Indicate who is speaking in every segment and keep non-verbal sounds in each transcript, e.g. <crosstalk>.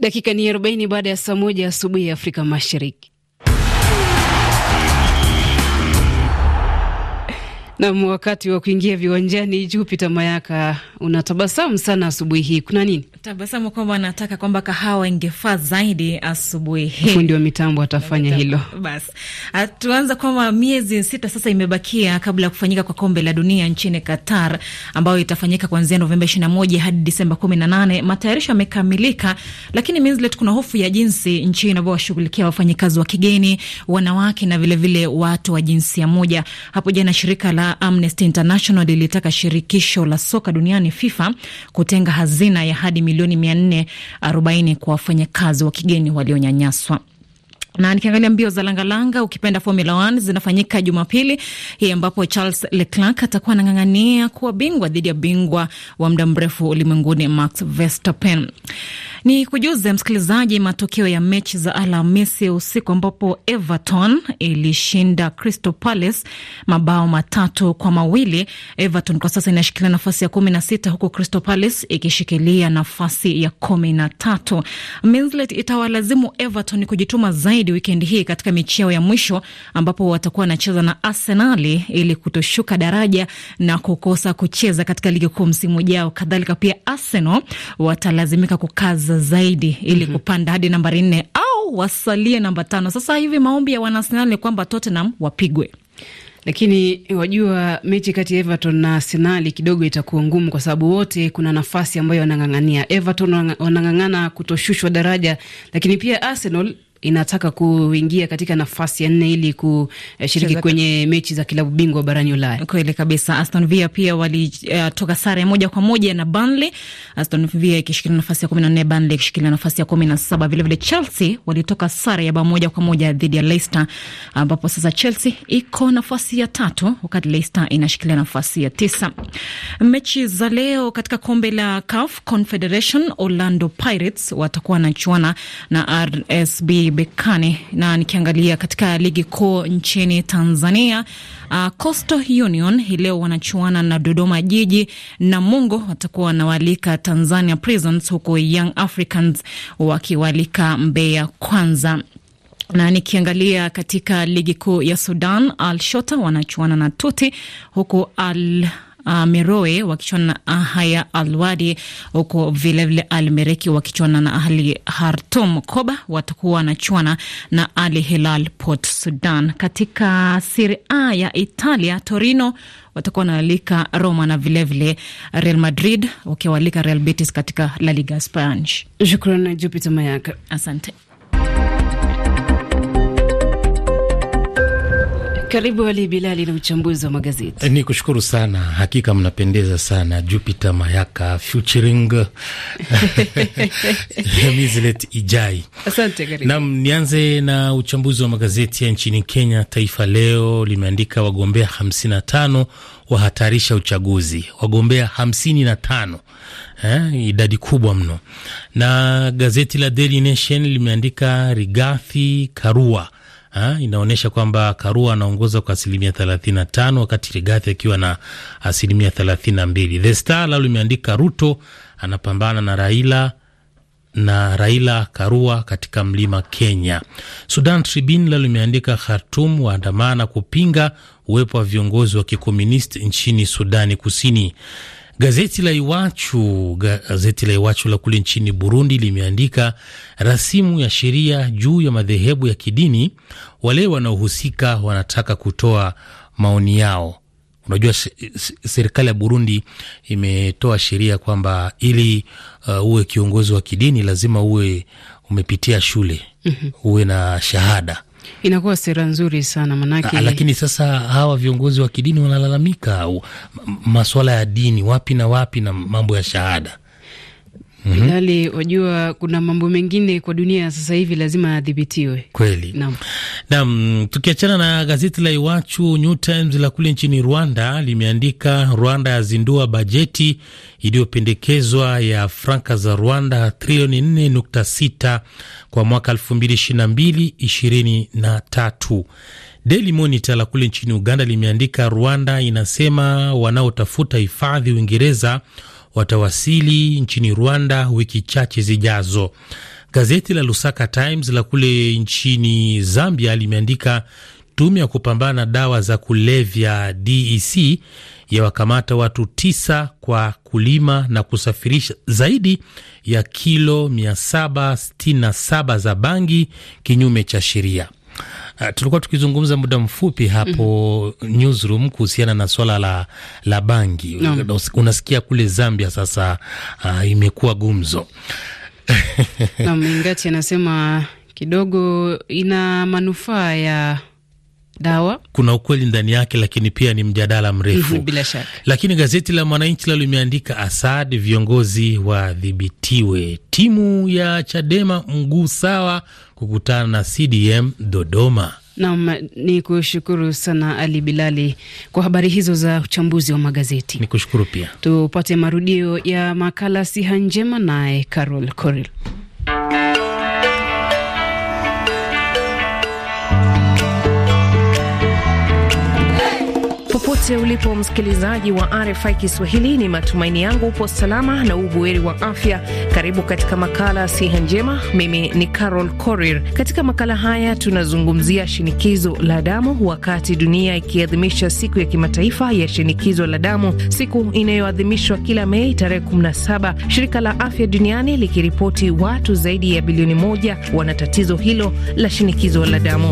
Speaker 1: Dakika ni 40 baada ya saa moja asubuhi ya Afrika Mashariki. Nam, wakati wa kuingia viwanjani, Jupita Mayaka, unatabasamu sana asubuhi hii, kuna nini?
Speaker 2: Tabasamu kwamba nataka kwamba kahawa ingefaa zaidi asubuhi hii. Fundi wa
Speaker 1: mitambo atafanya hilo. Bas,
Speaker 2: ah, tuanza kwamba miezi sita sasa imebakia kabla ya kufanyika kwa kombe la dunia nchini Qatar, ambayo itafanyika kuanzia Novemba 21 hadi Disemba 18. Matayarisho yamekamilika, lakini Minslet, kuna hofu ya jinsi nchi inavyowashughulikia wafanyikazi wa kigeni, wanawake na vilevile vile watu wa jinsia moja. Hapo jana shirika la na Amnesty International lilitaka shirikisho la soka duniani FIFA kutenga hazina ya hadi milioni 440 kwa wafanyakazi wa kigeni walionyanyaswa na nikiangalia mbio za langalanga ukipenda Formula 1 zinafanyika Jumapili hii ambapo Charles Leclerc atakuwa anang'ang'ania kuwa bingwa dhidi ya bingwa wa muda mrefu ulimwenguni Max Verstappen. Ni kujuze msikilizaji matokeo ya mechi za Alhamisi usiku ambapo Everton ilishinda Crystal Palace mabao matatu kwa mawili. Everton kwa sasa inashikilia nafasi ya kumi na sita huku Crystal Palace ikishikilia nafasi ya kumi na tatu. Itawalazimu Everton kujituma zaidi zaidi wikendi hii katika mechi yao ya mwisho ambapo watakuwa wanacheza na Arsenali ili kutoshuka daraja na kukosa kucheza katika ligi kuu msimu ujao. Kadhalika pia Arsenal watalazimika kukaza zaidi ili mm -hmm. kupanda hadi nambari nne au wasalie namba tano. Sasa hivi maombi ya wanaarsenali
Speaker 1: ni kwamba Tottenham wapigwe lakini wajua, mechi kati ya Everton na Arsenali kidogo itakuwa ngumu, kwa sababu wote kuna nafasi ambayo wanang'ang'ania. Everton wanang'ang'ana kutoshushwa daraja, lakini pia Arsenal inataka kuingia katika nafasi ya nne ili kushiriki kwenye mechi za kilabu bingwa barani Ulaya. Kweli kabisa. Aston Villa pia
Speaker 2: walitoka eh, uh, sare moja kwa moja na Burnley, Aston Villa ikishikilia nafasi ya kumi na nne, Burnley ikishikilia nafasi ya kumi na saba. Vilevile Chelsea walitoka sare ya bao moja kwa moja dhidi ya Leicester, ambapo sasa Chelsea iko nafasi ya tatu wakati Leicester inashikilia nafasi ya tisa. Mechi za leo katika kombe la CAF Confederation, Orlando Pirates watakuwa wanachuana na RSB Bekane. Na nikiangalia katika ligi kuu nchini Tanzania, uh, Coastal Union hii leo wanachuana na Dodoma Jiji, na mungo watakuwa wanawaalika Tanzania Prisons, huku Young Africans wakiwaalika Mbeya Kwanza na nikiangalia katika ligi kuu ya Sudan, Al Shota wanachuana na Tuti, huku Al uh, ah, Meroe wakichuana na Haya Alwadi, huko vilevile Al Mereki wakichuana na Ahli Hartum. Koba watakuwa wanachuana na ali Hilal Port Sudan. Katika Serie A ya Italia, Torino watakuwa wanaalika Roma na vilevile Real Madrid wakiwaalika Real Betis katika La Liga Spanish.
Speaker 1: Shukrani Jupiter Mayaka, asante. Karibu Ali Bilali na uchambuzi wa magazeti.
Speaker 3: Eh, ni kushukuru sana, hakika mnapendeza sana. Jupiter Mayaka featuring Mizilet <laughs> Ijai.
Speaker 1: Asante, karibu. Naam,
Speaker 3: nianze na uchambuzi wa magazeti ya nchini Kenya. Taifa Leo limeandika wagombea 55 wahatarisha uchaguzi, wagombea tano eh, idadi kubwa mno. Na gazeti la Daily Nation limeandika Rigathi Karua ha, inaonyesha kwamba Karua anaongoza kwa asilimia 35 wakati Rigathi akiwa na asilimia 32. The Star lalo limeandika Ruto anapambana na Raila na Raila Karua katika mlima Kenya. Sudan Tribune lalo limeandika Khartum waandamana kupinga uwepo wa viongozi wa kikomunisti nchini Sudani Kusini. Gazeti la Iwachu, gazeti la Iwachu la kule nchini Burundi limeandika rasimu ya sheria juu ya madhehebu ya kidini. Wale wanaohusika wanataka kutoa maoni yao. Unajua, serikali ya Burundi imetoa sheria kwamba ili uh, uwe kiongozi wa kidini lazima uwe umepitia shule, mhm. uwe na shahada
Speaker 1: inakuwa sera nzuri sana manake. Ah, lakini
Speaker 3: sasa hawa viongozi wa kidini wanalalamika masuala ya dini wapi na wapi na mambo ya shahada mm
Speaker 1: -hmm. wajua kuna mambo mengine kwa dunia sasa hivi lazima yadhibitiwe kweli. Naam,
Speaker 3: naam. Tukiachana na gazeti la Iwachu, New Times la kule nchini Rwanda limeandika Rwanda yazindua bajeti iliyopendekezwa ya franka za Rwanda trilioni 4.6 kwa mwaka 2022 23. Daily Monitor la kule nchini Uganda limeandika Rwanda inasema wanaotafuta hifadhi Uingereza watawasili nchini Rwanda wiki chache zijazo. Gazeti la Lusaka Times la kule nchini Zambia limeandika tume ya kupambana dawa za kulevya DEC yawakamata watu tisa kwa kulima na kusafirisha zaidi ya kilo 767 za bangi kinyume cha sheria. Uh, tulikuwa tukizungumza muda mfupi hapo mm -hmm. newsroom kuhusiana na swala la, la bangi no. Unasikia kule Zambia sasa uh, imekuwa gumzo na
Speaker 1: Mingati anasema kidogo ina manufaa ya dawa
Speaker 3: kuna ukweli ndani yake, lakini pia ni mjadala mrefu mhm, bila shaka. Lakini gazeti la Mwananchi lalo limeandika Asad, viongozi wadhibitiwe, timu ya Chadema mguu sawa kukutana na CDM Dodoma.
Speaker 1: Nam ni kushukuru sana Ali Bilali kwa habari hizo za uchambuzi wa magazeti. Ni
Speaker 3: kushukuru pia,
Speaker 1: tupate marudio ya makala siha njema naye Carol Coril.
Speaker 4: Popote ulipo msikilizaji wa RFI Kiswahili, ni matumaini yangu upo salama na ubuheri wa afya. Karibu katika makala siha njema. Mimi ni Carol Korir. Katika makala haya tunazungumzia shinikizo la damu, wakati dunia ikiadhimisha siku ya kimataifa ya shinikizo la damu, siku inayoadhimishwa kila Mei tarehe 17, shirika la afya duniani likiripoti watu zaidi ya bilioni moja wana tatizo hilo la shinikizo la damu.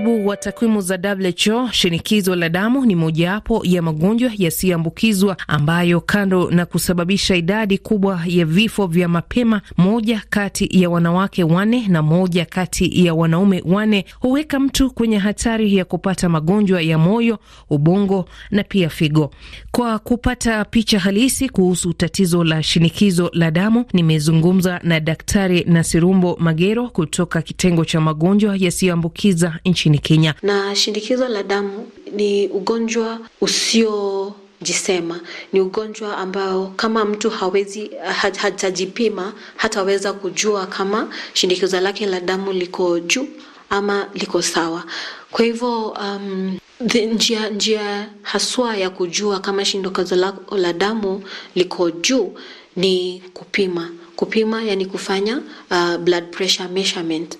Speaker 4: mujibu wa takwimu za WHO, shinikizo la damu ni mojawapo ya magonjwa yasiyoambukizwa ambayo kando na kusababisha idadi kubwa ya vifo vya mapema, moja kati ya wanawake wane na moja kati ya wanaume wane huweka mtu kwenye hatari ya kupata magonjwa ya moyo, ubongo na pia figo. Kwa kupata picha halisi kuhusu tatizo la shinikizo la damu, nimezungumza na Daktari Nasirumbo Magero kutoka kitengo cha magonjwa yasiyoambukiza nchini nchini Kenya.
Speaker 5: Na shinikizo la damu ni ugonjwa usio jisema ni ugonjwa ambao kama mtu hawezi hatajipima hataweza kujua kama shinikizo lake la damu liko juu ama liko sawa. Kwa hivyo um, njia, njia haswa ya kujua kama shinikizo lako la damu liko juu ni kupima kupima, yani kufanya uh, blood pressure measurement,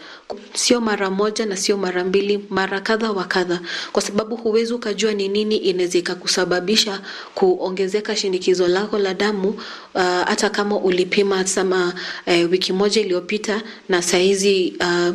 Speaker 5: sio mara moja na sio mara mbili, mara kadha wa kadha, kwa sababu huwezi ukajua ni nini inaweza ikakusababisha kuongezeka shinikizo lako la damu uh, hata uh, kama ulipima sama uh, wiki moja iliyopita na saizi uh,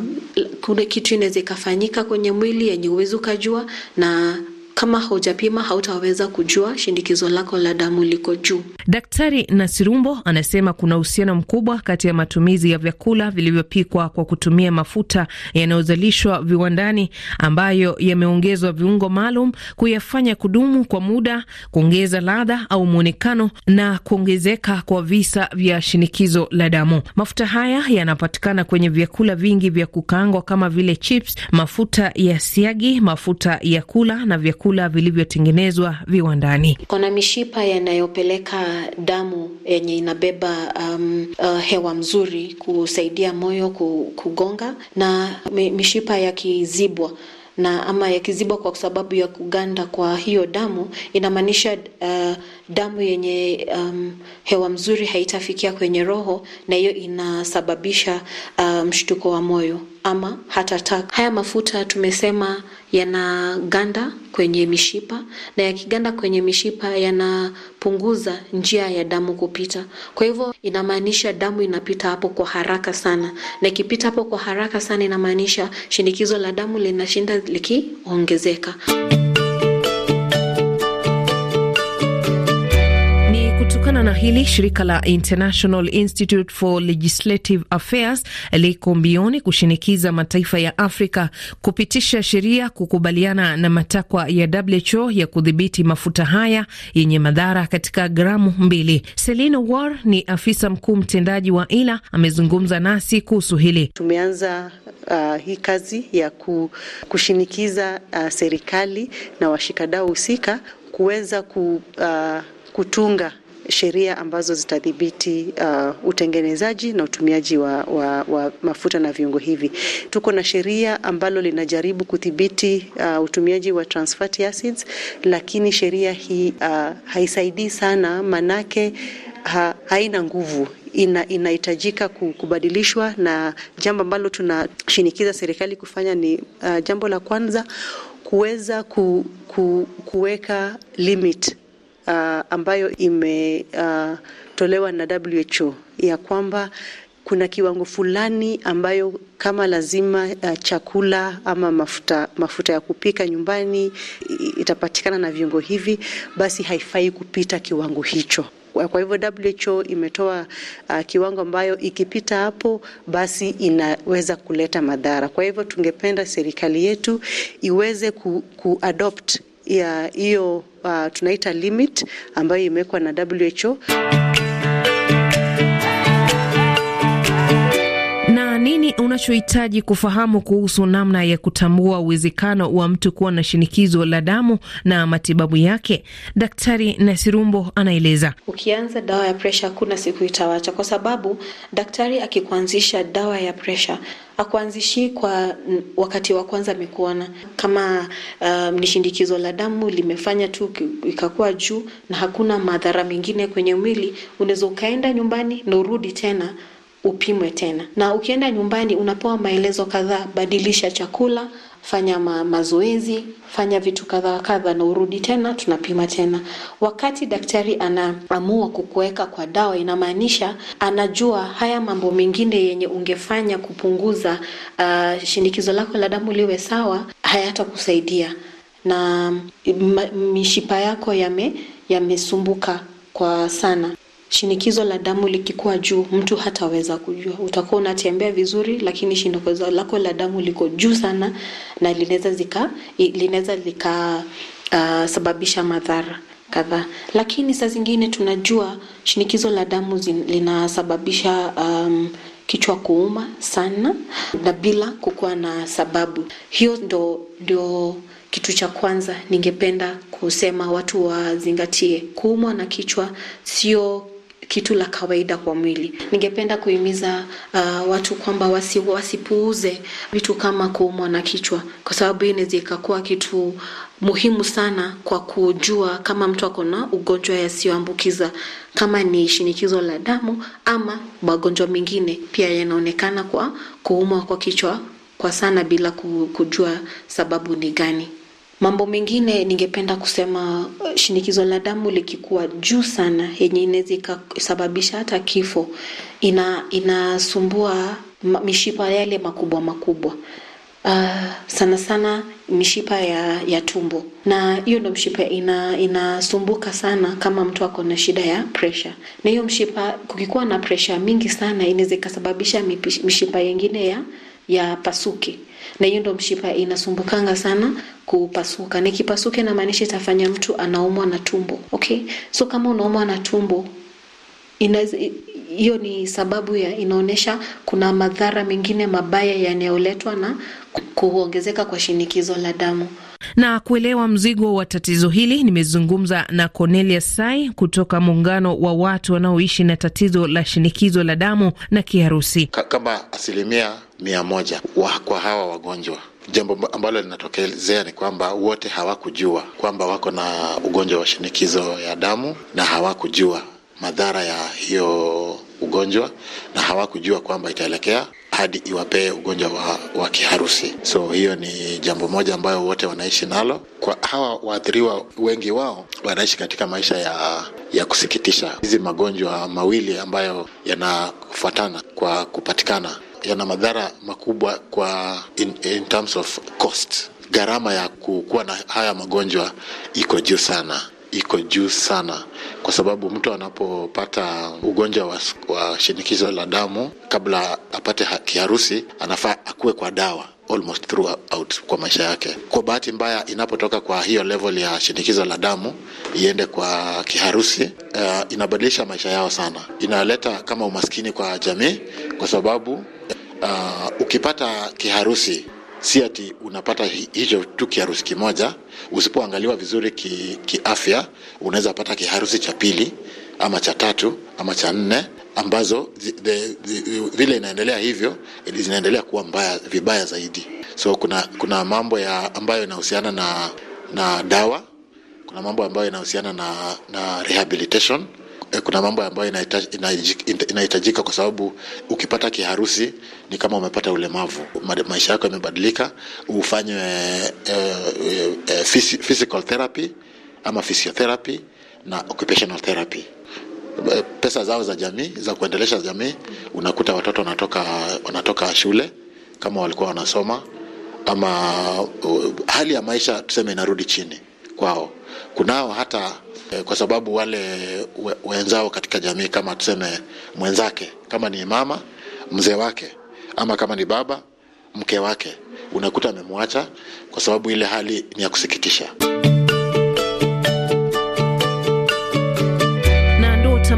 Speaker 5: kuna kitu inaweza ikafanyika kwenye mwili yenye huwezi ukajua na kama haujapima hautaweza kujua shinikizo lako la damu liko juu.
Speaker 4: Daktari Nasirumbo anasema kuna uhusiano mkubwa kati ya matumizi ya vyakula vilivyopikwa kwa kutumia mafuta yanayozalishwa viwandani ambayo yameongezwa viungo maalum kuyafanya kudumu kwa muda, kuongeza ladha au mwonekano na kuongezeka kwa visa vya shinikizo la damu. Mafuta haya yanapatikana kwenye vyakula vingi vya kukaangwa kama vile chips, mafuta ya siagi, mafuta ya kula na vyakula vyakula vilivyotengenezwa viwandani.
Speaker 5: Kuna mishipa yanayopeleka damu yenye inabeba um, uh, hewa mzuri kusaidia moyo kugonga, na mishipa yakizibwa na ama yakizibwa kwa sababu ya kuganda kwa hiyo damu inamaanisha uh, damu yenye um, hewa mzuri haitafikia kwenye roho, na hiyo inasababisha mshtuko uh, mshtuko wa moyo ama hata taka. Haya mafuta tumesema yanaganda kwenye mishipa na yakiganda kwenye mishipa yanapunguza njia ya damu kupita. Kwa hivyo inamaanisha damu inapita hapo kwa haraka sana, na ikipita hapo kwa haraka sana inamaanisha shinikizo la damu linashinda likiongezeka.
Speaker 4: Kutokana na hili, shirika la International Institute for Legislative Affairs liko mbioni kushinikiza mataifa ya Afrika kupitisha sheria kukubaliana na matakwa ya WHO ya kudhibiti mafuta haya yenye madhara katika gramu mbili. Celine War ni afisa mkuu mtendaji wa ILA, amezungumza nasi kuhusu hili.
Speaker 6: Tumeanza uh, hii kazi ya kushinikiza uh, serikali na washikadau husika kuweza ku, uh, kutunga sheria ambazo zitadhibiti uh, utengenezaji na utumiaji wa, wa, wa mafuta na viungo hivi. Tuko na sheria ambalo linajaribu kudhibiti uh, utumiaji wa trans fatty acids, lakini sheria hii uh, haisaidii sana manake ha, haina nguvu ina, inahitajika kubadilishwa, na jambo ambalo tunashinikiza serikali kufanya ni uh, jambo la kwanza kuweza ku, ku, kuweka limit uh, ambayo imetolewa uh, na WHO ya kwamba kuna kiwango fulani ambayo kama lazima uh, chakula ama mafuta, mafuta ya kupika nyumbani itapatikana na viungo hivi, basi haifai kupita kiwango hicho. Kwa hivyo WHO imetoa uh, kiwango ambayo ikipita hapo basi inaweza kuleta madhara. Kwa hivyo tungependa serikali yetu iweze ku, kuadopt ya hiyo uh, tunaita limit ambayo imewekwa na WHO.
Speaker 4: unachohitaji kufahamu kuhusu namna ya kutambua uwezekano wa mtu kuwa na shinikizo la damu na matibabu yake. Daktari Nasirumbo anaeleza.
Speaker 5: Ukianza dawa ya presha, kuna siku itawacha, kwa sababu daktari akikuanzisha dawa ya presha akuanzishi kwa wakati wa kwanza amekuona kama um, ni shindikizo la damu limefanya tu ikakuwa juu na hakuna madhara mengine kwenye mwili, unaweza ukaenda nyumbani na urudi tena upimwe tena. Na ukienda nyumbani unapewa maelezo kadhaa, badilisha chakula, fanya ma mazoezi, fanya vitu kadha kadha, na urudi tena, tunapima tena. Wakati daktari anaamua kukuweka kwa dawa, inamaanisha anajua haya mambo mengine yenye ungefanya kupunguza uh, shinikizo lako la damu liwe sawa, hayatakusaidia na mm, mishipa yako yame yamesumbuka kwa sana shinikizo la damu likikuwa juu, mtu hataweza kujua. Utakuwa unatembea vizuri, lakini shinikizo lako la damu liko juu sana na linaweza zika linaweza lika uh, sababisha madhara kadhaa. Lakini saa zingine tunajua shinikizo la damu zin, linasababisha um, kichwa kuuma sana na bila kukuwa na sababu. Hiyo ndo, ndio kitu cha kwanza ningependa kusema watu wazingatie. Kuumwa na kichwa sio kitu la kawaida kwa mwili. Ningependa kuhimiza uh, watu kwamba wasi, wasipuuze vitu kama kuumwa na kichwa, kwa sababu hii inaweza ikakuwa kitu muhimu sana kwa kujua kama mtu ako na ugonjwa yasiyoambukiza kama ni shinikizo la damu ama magonjwa mengine pia yanaonekana kwa kuumwa kwa kichwa kwa sana bila kujua sababu ni gani. Mambo mengine ningependa kusema, eh, shinikizo la damu likikuwa juu sana, yenye inaweza ikasababisha hata kifo, ina inasumbua mishipa yale makubwa makubwa. Uh, sana sana mishipa ya, ya tumbo na hiyo ndo mshipa ina inasumbuka sana kama mtu ako na shida ya pressure, na hiyo mshipa, kukikuwa na pressure mingi sana, inaweza ikasababisha mishipa yengine ya pasuke na hiyo ndo mshipa inasumbukanga sana kupasuka. Nikipasuka inamaanisha itafanya mtu anaumwa na tumbo, okay? So kama unaumwa na tumbo hiyo ni sababu ya inaonyesha kuna madhara mengine mabaya yanayoletwa na kuongezeka kwa shinikizo la damu.
Speaker 4: Na kuelewa mzigo wa tatizo hili, nimezungumza na Cornelia Sai kutoka muungano wa watu wanaoishi na tatizo la shinikizo la damu na kiharusi.
Speaker 7: Kama asilimia mia moja wa, kwa hawa wagonjwa. Jambo ambalo linatokezea ni kwamba wote hawakujua kwamba wako na ugonjwa wa shinikizo ya damu na hawakujua madhara ya hiyo ugonjwa na hawakujua kwamba itaelekea hadi iwapee ugonjwa wa, wa kiharusi. So hiyo ni jambo moja ambayo wote wanaishi nalo. Kwa hawa waathiriwa, wengi wao wanaishi katika maisha ya ya kusikitisha. Hizi magonjwa mawili ambayo yanafuatana kwa kupatikana yana madhara makubwa kwa in, in terms of cost. Gharama ya kukuwa na haya magonjwa iko juu sana iko juu sana kwa sababu mtu anapopata ugonjwa wa, wa shinikizo la damu, kabla apate kiharusi, anafaa akuwe kwa dawa almost throughout kwa maisha yake. Kwa bahati mbaya, inapotoka kwa hiyo level ya shinikizo la damu iende kwa kiharusi, uh, inabadilisha maisha yao sana, inaleta kama umaskini kwa jamii, kwa sababu uh, ukipata kiharusi si ati unapata hicho tu kiharusi kimoja. Usipoangaliwa vizuri kiafya ki unaweza pata kiharusi cha pili ama cha tatu ama cha nne ambazo vile inaendelea hivyo zinaendelea kuwa mbaya, vibaya zaidi. So kuna, kuna mambo ya ambayo inahusiana na, na dawa, kuna mambo ambayo inahusiana na, na rehabilitation eh, kuna mambo ambayo inahitajika kwa sababu ukipata kiharusi ni kama umepata ulemavu, maisha yako yamebadilika. Ufanywe eh, eh, physical therapy ama physiotherapy na occupational therapy pesa zao za jamii za kuendelesha jamii. Unakuta watoto wanatoka, wanatoka shule kama walikuwa wanasoma ama uh, hali ya maisha tuseme inarudi chini kwao. Kunao hata eh, kwa sababu wale wenzao katika jamii kama tuseme mwenzake kama ni mama mzee wake ama kama ni baba mke wake, unakuta amemwacha kwa sababu ile hali ni ya kusikitisha.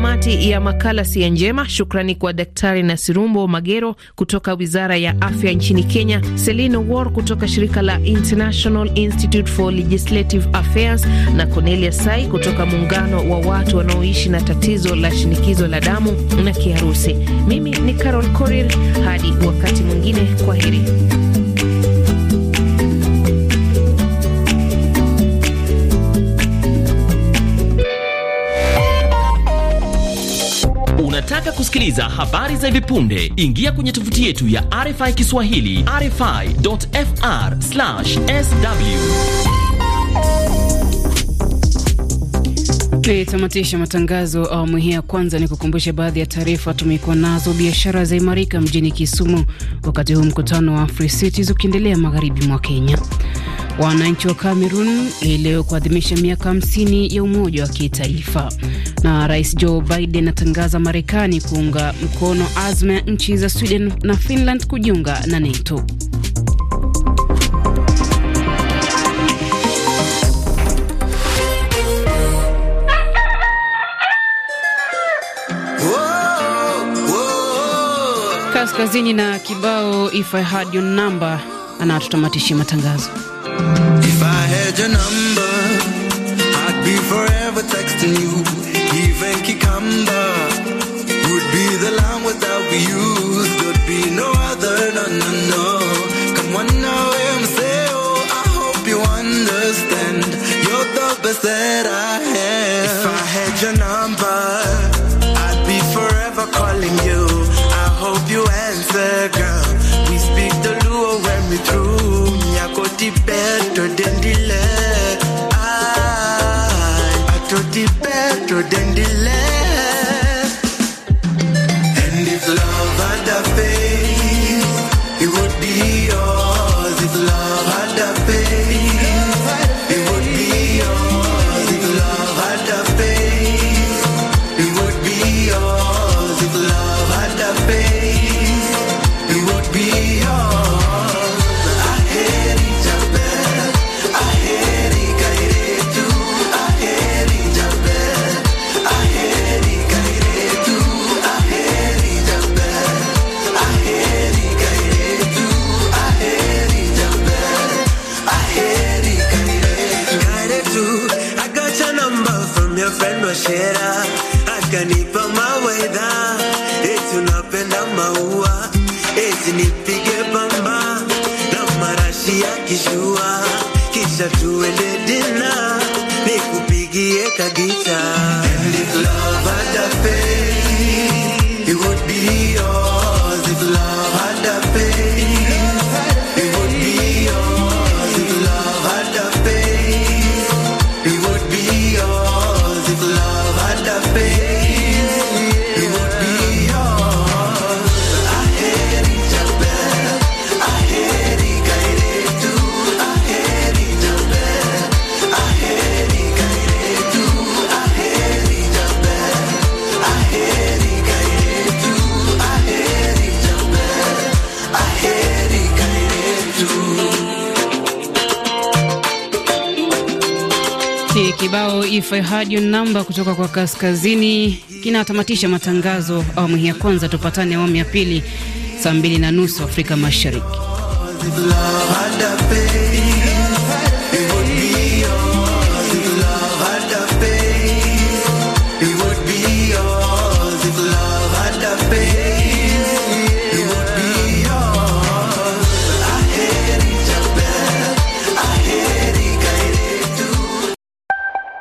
Speaker 4: tamati ya makala Sia Njema. Shukrani kwa Daktari Nasirumbo Magero kutoka Wizara ya Afya nchini Kenya, selino War kutoka shirika la International Institute for Legislative Affairs na Cornelia Sai kutoka muungano wa watu wanaoishi na tatizo la shinikizo la damu na kiharusi. Mimi ni Carol Korir, hadi wakati mwingine, kwa heri.
Speaker 3: Unataka kusikiliza habari za hivi punde? Ingia kwenye tovuti yetu ya RFI Kiswahili, rfi.fr/sw.
Speaker 1: Tutamatisha matangazo awamu hii ya kwanza, ni kukumbusha baadhi ya taarifa tumekuwa nazo. Biashara za imarika mjini Kisumu, wakati huu mkutano wa AfriCities ukiendelea magharibi mwa Kenya. Wananchi wa Cameroon leo kuadhimisha miaka 50 ya umoja wa kitaifa. Na Rais Joe Biden atangaza Marekani kuunga mkono azma ya nchi za Sweden na Finland kujiunga na NATO. Kaskazini na kibao if I had your number, anatutamatishia matangazo.
Speaker 2: If I had your number,
Speaker 1: I'd be forever texting you. Even cucumber would be the language that we use. There'd be no other, no, no, no.
Speaker 2: Come
Speaker 3: on now and say, oh, I hope you understand. You're the best that I have. If I had your number. than delay. का गीत
Speaker 1: Kibao if I had your number kutoka kwa Kaskazini kinatamatisha matangazo awamu ya kwanza. Tupatane awamu ya pili saa mbili na nusu Afrika Mashariki.